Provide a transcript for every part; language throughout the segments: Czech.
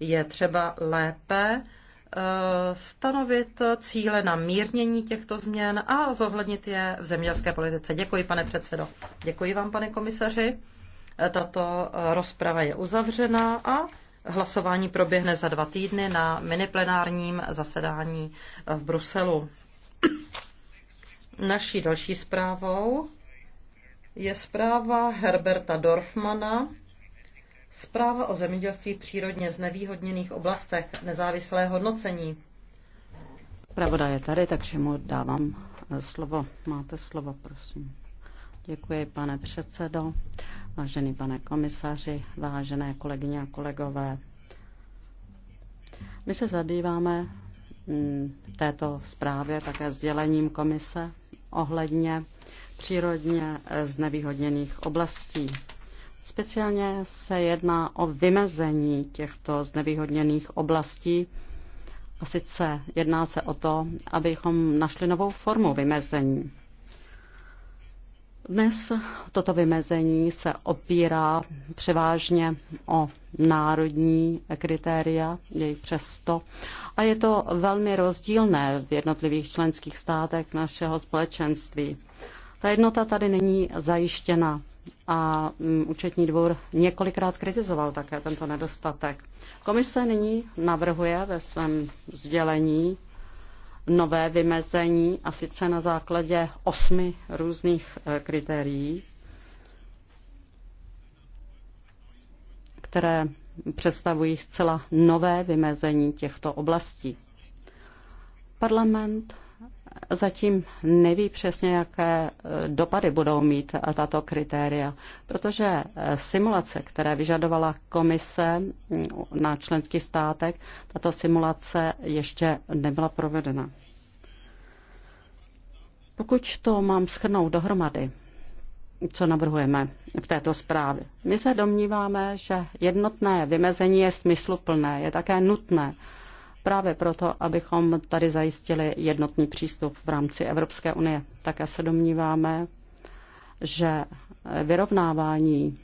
Je třeba lépe eh, stanovit cíle na mírnění těchto změn a zohlednit je v zemědělské politice. Děkuji, pane předsedo. Děkuji vám, pane komisaři. Tato eh, rozprava je uzavřena a hlasování proběhne za dva týdny na miniplenárním zasedání v Bruselu. Naší další zprávou je zpráva Herberta Dorfmana Zpráva o zemědělství v přírodně znevýhodněných oblastech, nezávislé hodnocení. Pravda je tady, takže mu dávám eh, slovo. Máte slovo, prosím. Děkuji, pane předsedo, vážený pane komisaři, vážené kolegyně a kolegové. My se zabýváme v mm, této zprávě také sdělením komise ohledně přírodně eh, znevýhodněných oblastí. Speciálně se jedná o vymezení těchto znevýhodněných oblastí. A sice jedná se o to, abychom našli novou formu vymezení. Dnes toto vymezení se opírá převážně o národní kritéria, jejich přesto. A je to velmi rozdílné v jednotlivých členských státech našeho společenství. Ta jednota tady není zajištěna a mm, účetní dvůr několikrát kritizoval také tento nedostatek. Komise nyní navrhuje ve svém sdělení nové vymezení a sice na základě osmi různých eh, kritérií, které představují zcela nové vymezení těchto oblastí. Parlament zatím neví přesně, jaké e, dopady budou mít e, tato kritéria, protože e, simulace, které vyžadovala komise mm, na členských státech, tato simulace ještě nebyla provedena. Pokud to mám schrnout dohromady, co navrhujeme v této zprávě. My se domníváme, že jednotné vymezení je smysluplné, je také nutné, právě proto, abychom tady zajistili jednotný přístup v rámci Evropské unie. Také se domníváme, že vyrovnávání,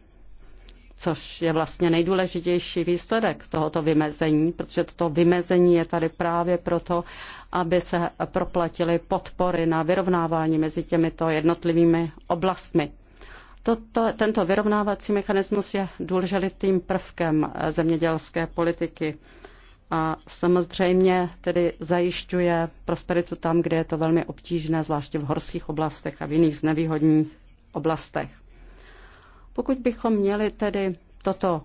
což je vlastně nejdůležitější výsledek tohoto vymezení, protože toto vymezení je tady právě proto, aby se proplatily podpory na vyrovnávání mezi těmito jednotlivými oblastmi. Toto, tento vyrovnávací mechanismus je důležitým prvkem zemědělské politiky a samozřejmě tedy zajišťuje prosperitu tam, kde je to velmi obtížné, zvláště v horských oblastech a v jiných znevýhodných oblastech. Pokud bychom měli tedy toto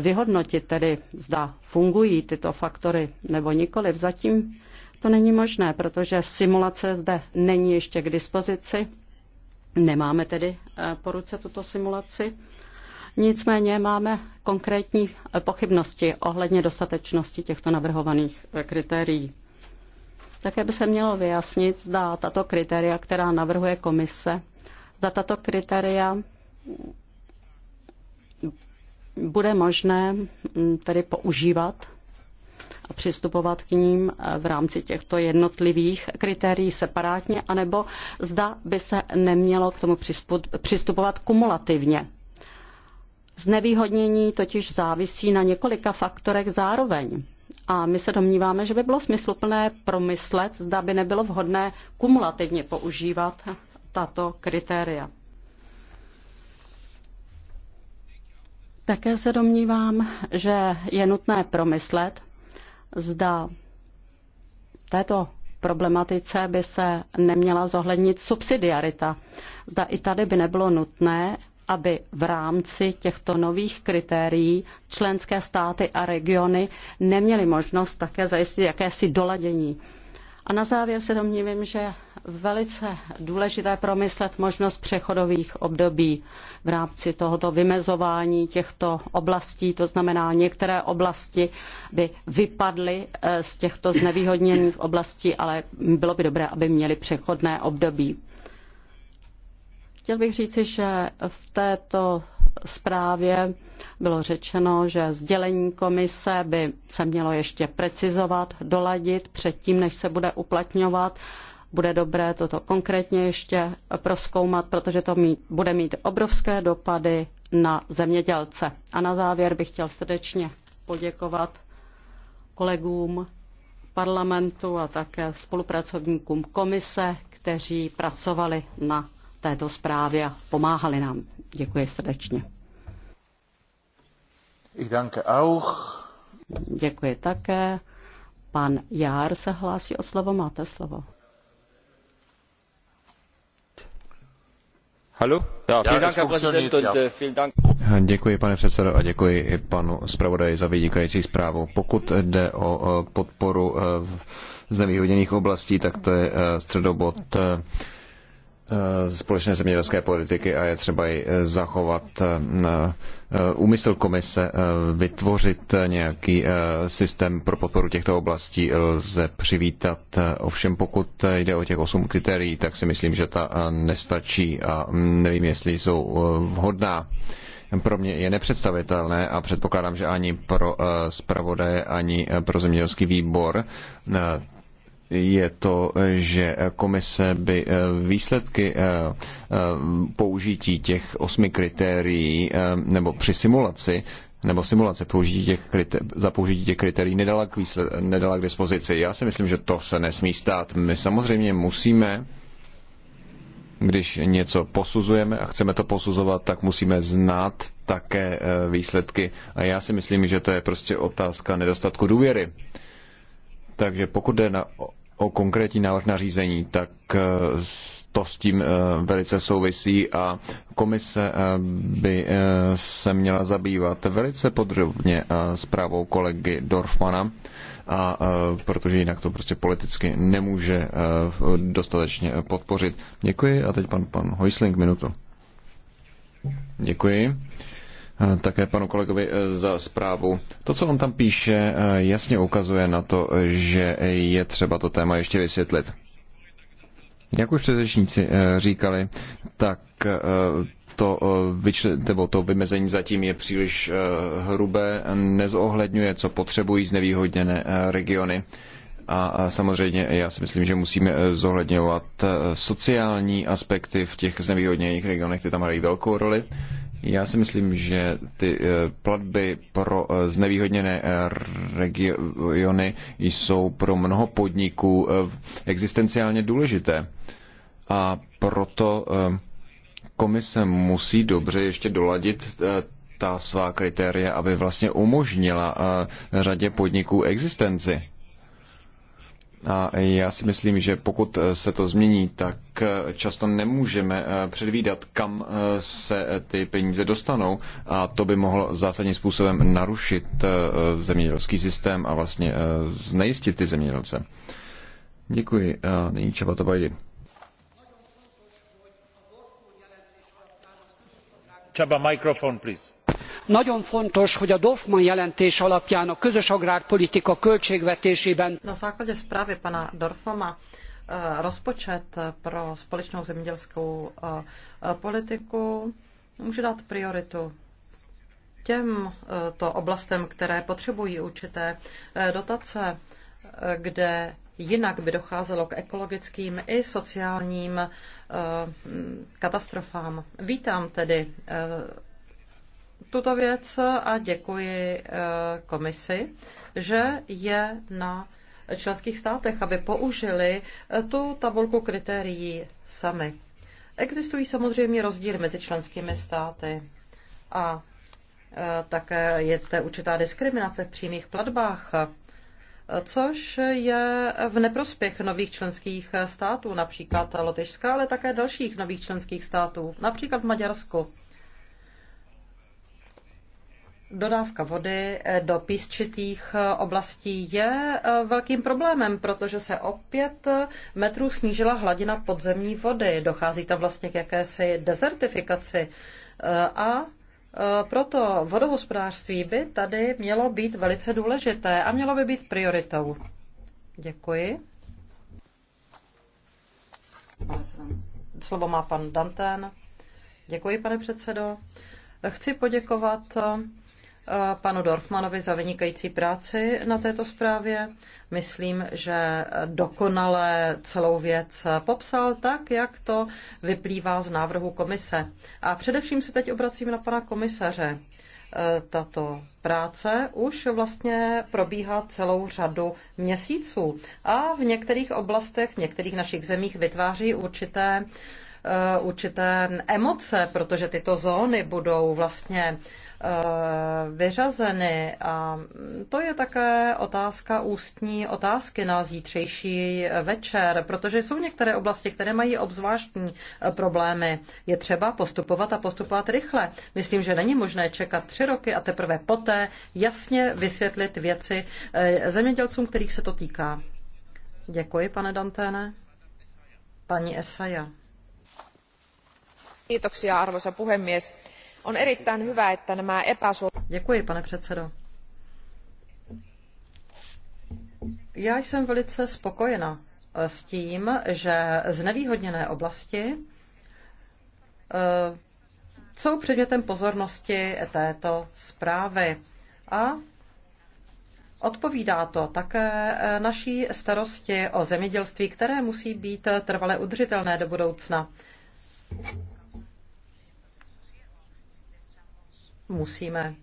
vyhodnotit, tedy zda fungují tyto faktory nebo nikoliv, zatím to není možné, protože simulace zde není ještě k dispozici. Nemáme tedy eh, po ruce tuto simulaci. Nicméně máme konkrétní eh, pochybnosti ohledně dostatečnosti těchto navrhovaných eh, kritérií. Také by se mělo vyjasnit, zda tato kritéria, která navrhuje komise, zda tato kritéria mm, bude možné mm, tedy používat a přistupovat k ním eh, v rámci těchto jednotlivých kritérií separátně, anebo zda by se nemělo k tomu přistupovat kumulativně. Znevýhodnění totiž závisí na několika faktorech zároveň. A my se domníváme, že by bylo smysluplné promyslet, zda by nebylo vhodné kumulativně používat tato kritéria. Také se domnívám, že je nutné promyslet, zda této problematice by se neměla zohlednit subsidiarita. Zda i tady by nebylo nutné aby v rámci těchto nových kritérií členské státy a regiony neměly možnost také zajistit jakési doladění. A na závěr se domnívím, že velice důležité promyslet možnost přechodových období v rámci tohoto vymezování těchto oblastí. To znamená, některé oblasti by vypadly eh, z těchto znevýhodněných oblastí, ale bylo by dobré, aby měly přechodné období. Chtěl bych říci, že v této zprávě bylo řečeno, že sdělení komise by se mělo ještě precizovat, doladit předtím, než se bude uplatňovat. Bude dobré toto konkrétně ještě proskoumat, protože to mít, bude mít obrovské dopady na zemědělce. A na závěr bych chtěl srdečně poděkovat kolegům parlamentu a také spolupracovníkům komise, kteří pracovali na této zprávě a pomáhali nám. Děkuji srdečně. Ich danke auch. Děkuji také. Pan Jár se hlásí o slovo. Máte slovo. Hallo? Ja, vielen Dank, Herr Präsident, und äh, vielen Dank. Děkuji, pane předsedo, a děkuji i panu zpravodaji za vynikající zprávu. Pokud jde o podporu e, v znevýhodněných oblastí, tak to je e, středobod e, Eh, společné zemědělské politiky a je třeba i eh, zachovat eh, úmysl komise vytvořit nějaký systém pro podporu těchto oblastí lze přivítat. Ovšem pokud jde o těch osm kritérií, tak si myslím, že ta nestačí a nevím, jestli jsou vhodná pro mě je nepředstavitelné a předpokládám, že ani pro zpravodaje, ani pro zemědělský výbor je to, že komise by eh, výsledky eh, eh, použití těch osmi kritérií nebo při simulaci nebo simulace použití těch kriter, za použití těch kritérií nedala k, výsled, nedala k dispozici. Já si myslím, že to se nesmí stát. My samozřejmě musíme, když něco posuzujeme a chceme to posuzovat, tak musíme znát také výsledky. A já si myslím, že to je prostě otázka nedostatku důvěry. Takže pokud jde na, o konkrétní návrh nařízení, tak eh, to s tím eh, velice souvisí a komise eh, by se měla zabývat velice podrobně zprávou kolegy Dorfmana, a protože jinak to prostě politicky nemůže dostatečně podpořit. Děkuji a teď pan, pan Hojsling minutu. Děkuji. Eh, také panu kolegovi eh, za zprávu. To, co on tam píše, eh, jasně ukazuje na to, že je třeba to téma ještě vysvětlit. Jak už předřečníci říkali, tak to, vyčle, nebo to vymezení zatím je příliš hrubé, nezohledňuje, co potřebují znevýhodněné regiony. A samozřejmě já si myslím, že musíme zohledňovat sociální aspekty v těch znevýhodněných regionech, ty tam mají velkou roli. Já si myslím, že ty eh, platby pro eh, znevýhodněné eh, regiony jsou pro mnoho podniků existenciálně důležité. A proto komise musí dobře ještě doladit ta svá kritéria, aby vlastně umožnila řadě podniků existenci. A já si myslím, že pokud eh, se to změní, tak eh, často nemůžeme eh, předvídat, kam se ty peníze dostanou a to by mohlo zásadním způsobem narušit zemědělský systém a vlastně znejistit ty zemědělce. Děkuji. A nyní Čeba to bajdi. Čaba, mikrofon, please nagyon fontos hogy a dorfmann jelentés alapján a közös agrárpolitika költségvetésében Na základě zprávy pana Dorfmana eh, rozpočet pro společnou zemědělskou eh, politiku může dát prioritu těmto eh, oblastem, které potřebují určité dotace, kde jinak by docházelo k ekologickým i sociálním katastrofám. Vítám tedy tuto věc a děkuji eh, komisi, že je na členských státech, aby použili eh, tu tabulku kritérií sami. Existují samozřejmě rozdíly mezi členskými státy a eh, také je zde určitá diskriminace v přímých platbách, což je v neprospěch nových členských států, například Lotyšska, ale také dalších nových členských států, například v Maďarsku. Dodávka vody eh, do písčitých eh, oblastí je eh, velkým problémem, protože se o pět metrů snížila hladina podzemní vody. Dochází tam vlastně k jakési dezertifikaci a proto vodohospodářství by tady mělo být velice důležité a mělo by být prioritou. Děkuji. Slovo má pan Dantén. Děkuji, pane předsedo. Chci poděkovat Eh, panu Dorfmanovi za vynikající práci na této zprávě. Myslím, že dokonale celou věc popsal tak, jak to vyplývá z návrhu komise. A především se teď obracím na pana komisaře. Eh, tato práce už vlastně probíhá celou řadu měsíců a v některých oblastech, v některých našich zemích vytváří určité uh, Eh, určité emoce, protože tyto zóny budou vlastně eh, vyřazeny. A to je také otázka ústní otázky na zítřejší večer, protože jsou některé oblasti, které mají obzvláštní eh, problémy. Je třeba postupovat a postupovat rychle. Myslím, že není možné čekat tři roky a teprve poté jasně vysvětlit věci zemědělcům, kterých se to týká. Děkuji, pane Danténe. Paní Esaja arvoisa puhemies on erittäin hyvä että nämä já jsem velice spokojena eh, s tím že znevýhodněné oblasti eh, jsou předmětem pozornosti této zprávy a Odpovídá to také eh, naší starosti o zemědělství, které musí být trvale udržitelné do budoucna. musíme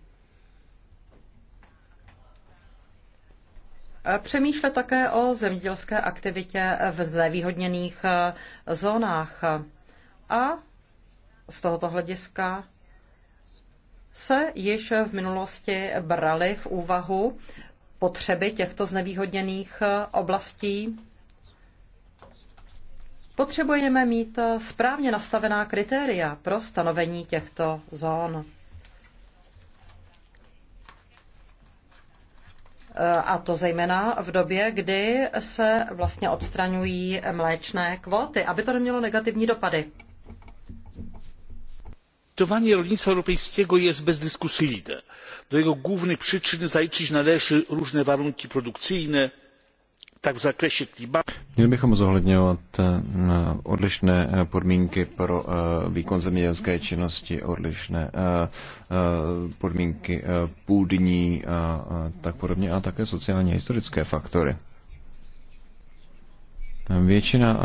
přemýšlet také o zemědělské aktivitě v znevýhodněných eh, zónách. A z tohoto hlediska se již v minulosti brali v úvahu potřeby těchto znevýhodněných eh, oblastí. Potřebujeme mít eh, správně nastavená kritéria pro stanovení těchto zón. a to zejména v době, kdy se vlastně odstraňují mléčné kvóty, aby to nemělo negativní dopady. Finansowanie rolnictwa europejskiego jest bezdyskusyjne. Do jego głównych przyczyn zaliczyć należy różne warunki produkcyjne, tak v zakresie klimatu. Měli bychom zohledňovat eh, odlišné eh, podmínky pro eh, výkon zemědělské činnosti, odlišné podmínky půdní a tak podobně, a také sociálně historické faktory. Většina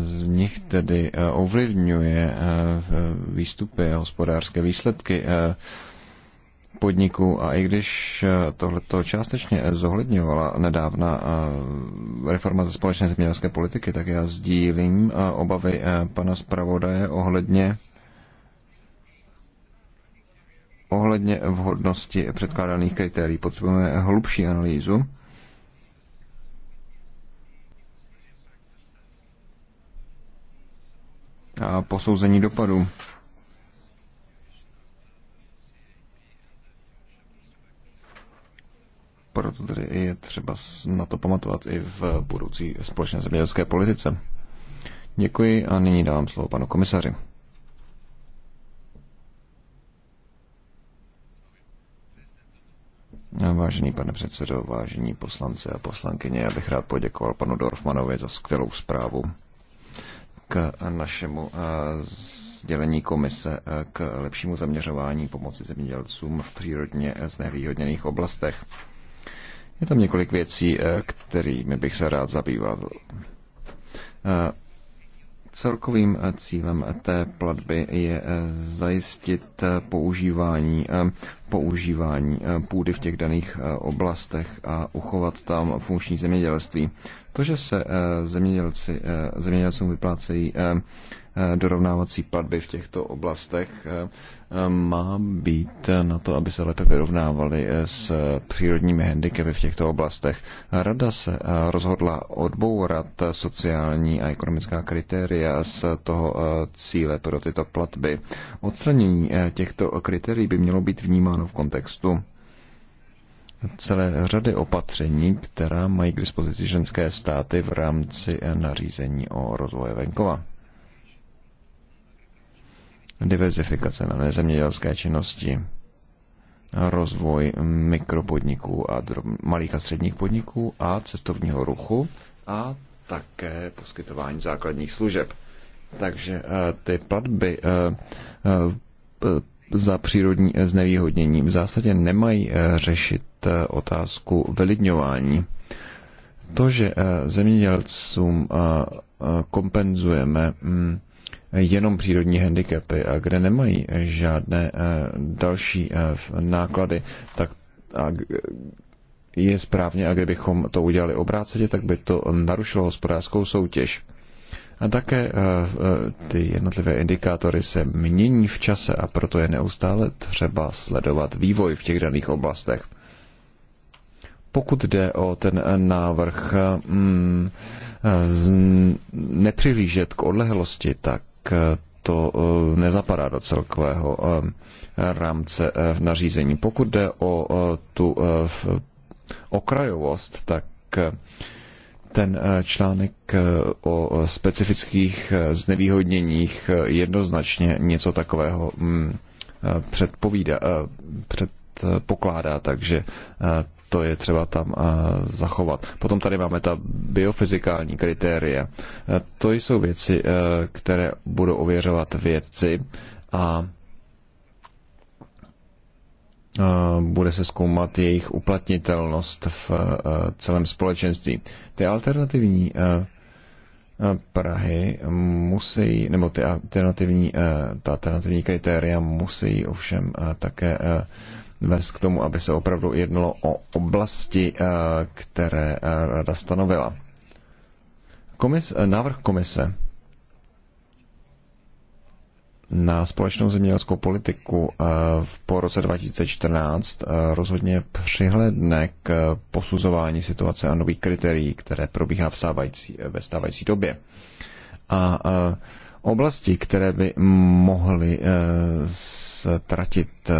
z nich tedy ovlivňuje výstupy a hospodářské výsledky podniků a i když eh, tohleto částečně zohledňovala nedávna eh, reforma ze společné zemědělské politiky, tak já sdílím eh, obavy pana zpravodaje ohledně ohledně vhodnosti předkládaných kritérií. Potřebujeme hlubší analýzu. A posouzení dopadů. proto tedy je třeba na to pamatovat i v budoucí společné zemědělské politice. Děkuji a nyní dávám slovo panu komisaři. Vážený pane předsedo, vážení poslanci a poslankyně, já bych rád poděkoval panu Dorfmanovi za skvělou zprávu k našemu eh, sdělení komise eh, k lepšímu zaměřování pomoci zemědělcům v přírodně znevýhodněných oblastech. Je tam několik věcí, eh, kterými bych se rád zabýval. Eh, celkovým eh, cílem té platby je zajistit používání používání eh, půdy v těch daných eh, oblastech a uchovat tam funkční zemědělství. To, že se eh, zemědělci, zemědělcům vyplácejí dorovnávací platby v těchto oblastech, má být na to, aby se lépe vyrovnávali s přírodními handicapy v těchto oblastech. Rada se rozhodla odbourat sociální a ekonomická kritéria z toho cíle pro tyto platby. Odstranění těchto kritérií by mělo být vnímáno vnímáno v kontextu celé řady opatření, která mají k dispozici ženské státy v rámci nařízení o rozvoji venkova. Diverzifikace na nezemědělské činnosti, rozvoj mikropodniků a malých a středních podniků a cestovního ruchu a také poskytování základních služeb. Takže eh, ty platby eh, eh, za přírodní eh, znevýhodnění. V zásadě nemají eh, řešit eh, otázku vylidňování. To, že zemědělcům kompenzujeme mm, jenom přírodní handicapy a kde nemají žádné další náklady, tak je správně a kdybychom to udělali obráceně, tak by to narušilo hospodářskou soutěž. A také eh, eh, ty jednotlivé indikátory se mění v čase a proto je neustále třeba sledovat vývoj v těch daných oblastech. Pokud jde o ten eh, návrh mm, nepřihlížet k odlehlosti, tak to nezapadá do celkového rámce uh, nařízení. Pokud jde o tu okrajovost, tak ten eh, článek eh, o specifických eh, znevýhodněních jednoznačně něco takového mm, předpovídá, předpokládá, takže to je třeba tam zachovat. Potom tady máme ta biofyzikální kritéria. To jsou věci, které budou ověřovat vědci a Eh, bude se zkoumat jejich uplatnitelnost v eh, celém společenství. Ty alternativní eh, Prahy musí, nebo ty alternativní, ta alternativní kritéria musí ovšem také vést k tomu, aby se opravdu jednalo o oblasti, které rada stanovila. Komis, návrh komise na společnou zemědělskou politiku eh, v po roce 2014 eh, rozhodně přihledne k posuzování situace a nových kritérií, které probíhá v stávající, ve stávající době. A, a eh, oblasti, které by mohly eh, ztratit eh,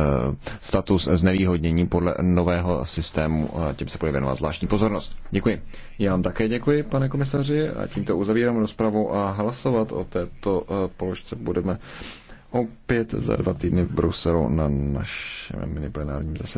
status znevýhodnění podle nového systému. Tím se bude věnovat zvláštní pozornost. Děkuji. Já vám také děkuji, pane komisaři, a tímto uzavírám rozpravu a hlasovat o této eh, položce budeme opět za dva týdny v Bruselu na našem miniplenárním zasedání.